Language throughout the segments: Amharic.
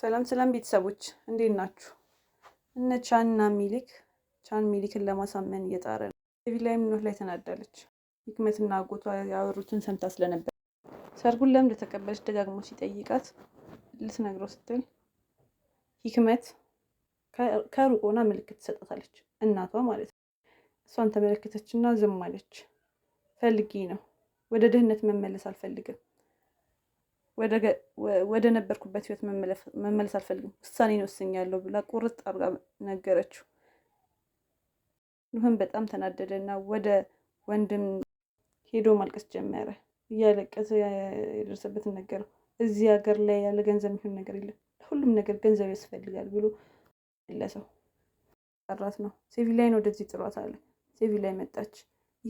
ሰላም ሰላም ቤተሰቦች እንዴት ናችሁ? እነ ቻንና ሚሊክ ቻን ሚሊክን ለማሳመን እየጣረ ነው። ዴቪድ ላይ ምኖት ላይ ተናዳለች። ህክመትና አጎቷ ያወሩትን ሰምታ ስለነበር ሰርጉን ለምን እንደተቀበለች ደጋግሞ ሲጠይቃት ልትነግረው ስትል ህክመት ከሩቅ ሆና ምልክት ትሰጣታለች። እናቷ ማለት ነው። እሷን ተመለከተችና ዝም አለች። ፈልጊ ነው ወደ ድህነት መመለስ አልፈልግም ወደ ነበርኩበት ህይወት መመለስ አልፈልግም፣ ውሳኔን ወስኛለሁ ብላ ቁርጥ አድርጋ ነገረችው። ኑህም በጣም ተናደደ እና ወደ ወንድም ሄዶ ማልቀስ ጀመረ። እያለቀሰ የደረሰበትን ነገረው። እዚህ ሀገር ላይ ያለ ገንዘብ የሚሆን ነገር የለም፣ ሁሉም ነገር ገንዘብ ያስፈልጋል ብሎ መለሰው። ጠራት ነው ሴቪ ላይን ወደዚህ ጥሯት አለ። ሴቪ ላይ መጣች።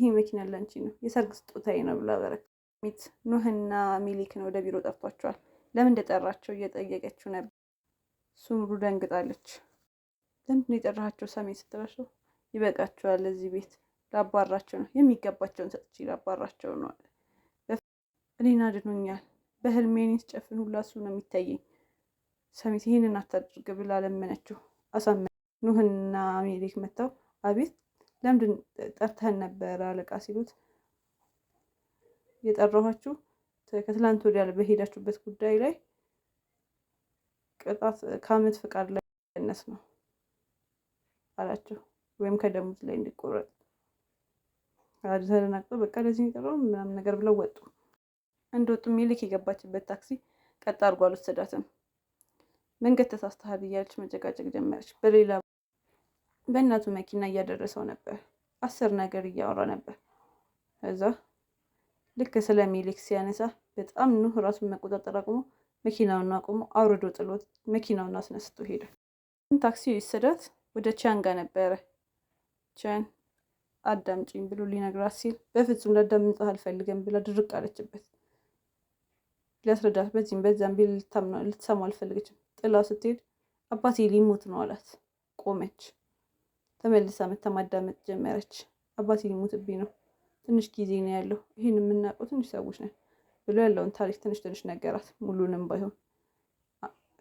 ይህ መኪና ላንቺ ነው፣ የሰርግ ስጦታዬ ነው ብላ በረክ ሚት ኑህና ነው ወደ ቢሮ ጠርቷቸዋል። ለምን እንደጠራቸው እየጠየቀችው ነበር። ሱምሩ ደንግጣለች። ለምንድን የጠራቸው ሰሜን ስትበሸው ይበቃቸዋል። እዚህ ቤት ላባራቸው ነው የሚገባቸውን ሰጥቼ ላባራቸው ነው። እኔን አድኖኛል። በህልሜን ስጨፍን ሁላ እሱ ነው የሚታየኝ። ሰሜት ይህንን አታድርግ ብላ ለመነችው። አሳመ ኑህና ሚሊክ መጥተው አቤት ለምንድን ጠርተህን ነበር አለቃ ሲሉት የጠራኋችሁ ከትላንት ወዲያ በሄዳችሁበት ጉዳይ ላይ ቅጣት ከአመት ፍቃድ ላይ ቀነስ ነው አላቸው፣ ወይም ከደሙት ላይ እንዲቆረጥ ተደናግጠው በቃ ለዚህ የሚቀረው ምናምን ነገር ብለው ወጡ። እንደወጡ ሚልክ የገባችበት ታክሲ ቀጥ አድርጎ አልወሰዳትም። መንገድ ተሳስተሃል እያለች መጨቃጨቅ ጀመረች። በሌላ በእናቱ መኪና እያደረሰው ነበር። አስር ነገር እያወራ ነበር እዛ ልክ ስለ ሚሊክ ሲያነሳ በጣም ኑህ ራሱን መቆጣጠር አቁሞ መኪናውን አቁሞ አውርዶ ጥሎት መኪናውን አስነስቶ ሄደ። ታክሲ ይሰዳት ወደ ቻን ነበረ። ቻን አዳምጪኝ ብሎ ሊነግራት ሲል በፍጹም ላዳምጥህ አልፈልገም ብላ ድርቅ አለችበት። ሊያስረዳት በዚህም በዛም ቢል ልትሰማ አልፈልገችም። ጥላው ስትሄድ አባቴ ሊሞት ነው አላት። ቆመች። ተመልሳ መታ ማዳመጥ ጀመረች። አባቴ ሊሞትብኝ ነው ትንሽ ጊዜ ነው ያለው ይህን የምናውቀው ትንሽ ሰዎች ነን ብሎ ያለውን ታሪክ ትንሽ ትንሽ ነገራት፣ ሙሉንም ባይሆን።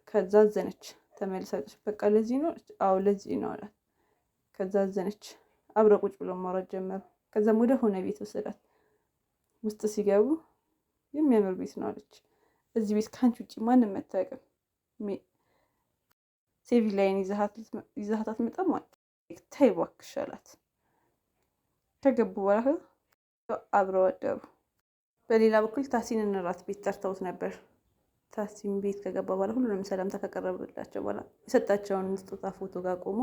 ከዛ አዘነች ተመልሳለች። በቃ ለዚህ ነው አዎ ለዚህ ነው አላት። ከዛ አዘነች። አብረ ቁጭ ብሎ ማውራት ጀመሩ። ከዛም ወደ ሆነ ቤት ወሰዳት። ውስጥ ሲገቡ የሚያምር ቤት ነው አለች። እዚህ ቤት ከአንቺ ውጭ ማንም መታቀም ሴቪ ላይን ይዛሃት አትመጣም ማለት ተይ እባክሽ አላት። ከገቡ በኋላ አብረው አደሩ። በሌላ በኩል ታሲንን እራት ቤት ጠርተውት ነበር። ታሲን ቤት ከገባ በኋላ ሁሉንም ሰላምታ ከቀረበላቸው በኋላ የሰጣቸውን ስጦታ ፎቶ ጋር ቆሞ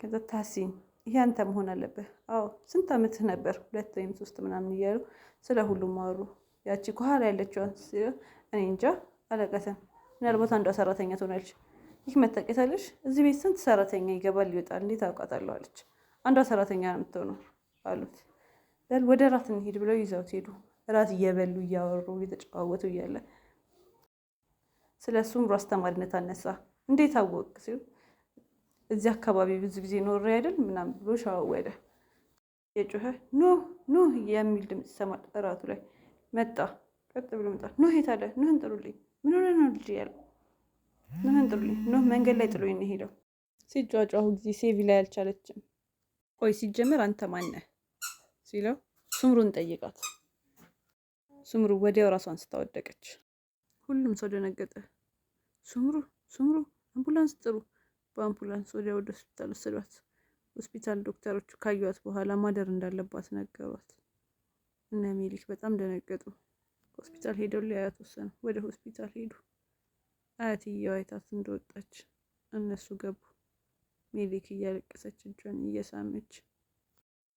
ከዛ ታሲን ይሄ አንተ መሆን አለብህ። አዎ ስንት ዓመትህ ነበር? ሁለት ወይም ሶስት ምናምን እያሉ ስለ ሁሉም አወሩ። ያቺ ከኋላ ያለችዋን እኔ እንጃ አለቀተም ምናልባት አንዷ ሰራተኛ ትሆናለች። ይህ መታቀታለች። እዚህ ቤት ስንት ሰራተኛ ይገባል ይወጣል፣ እንዴት አውቃታለሁ አለች። አንዷ ሰራተኛ ነው የምትሆነው አሉት። በል ወደ ራት እንሄድ ብለው ይዘውት ሄዱ። ራት እየበሉ እያወሩ እየተጨዋወቱ እያለ ስለ እሱም ሩ አስተማሪነት አነሳ። እንዴት አወቅ ሲሉ እዚህ አካባቢ ብዙ ጊዜ ኖሬ አይደል ምናም ብሎ ሸዋወደ። የጮኸ ኖ ኖ የሚል ድምፅ ይሰማል። እራቱ ላይ መጣ፣ ቀጥ ብሎ መጣ። ኖህ የት አለ? ኖህን ጥሩልኝ። ምን ሆነ ነው ልጅ ያለ ኖህን ጥሩልኝ። ኖህ መንገድ ላይ ጥሎኝ ነው ሄደው። ሲጫጫሁ ጊዜ ሴቪ ላይ አልቻለችም። ቆይ ሲጀምር አንተ ማነህ? ሲለው ስምሩን ጠይቃት። ስምሩ ወዲያው ራሷን ስታወደቀች፣ ሁሉም ሰው ደነገጠ። ስምሩ ስምሩ፣ አምቡላንስ ጥሩ! በአምቡላንስ ወዲያ ወደ ሆስፒታል ወሰዷት። ሆስፒታል ዶክተሮቹ ካዩዋት በኋላ ማደር እንዳለባት ነገሯት። እነ ሜሊክ በጣም ደነገጡ። ሆስፒታል ሄደው ሊያያት ወሰኑ። ወደ ሆስፒታል ሄዱ። አያትየው አይታት እንደወጣች እነሱ ገቡ። ሜሊክ እያለቀሰች እጇን እየሳመች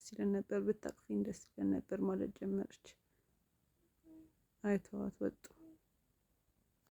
ደስ ይለን ነበር፣ ብታቅፊኝ ደስ ይለን ነበር ማለት ጀመረች። አይተዋት ወጡ።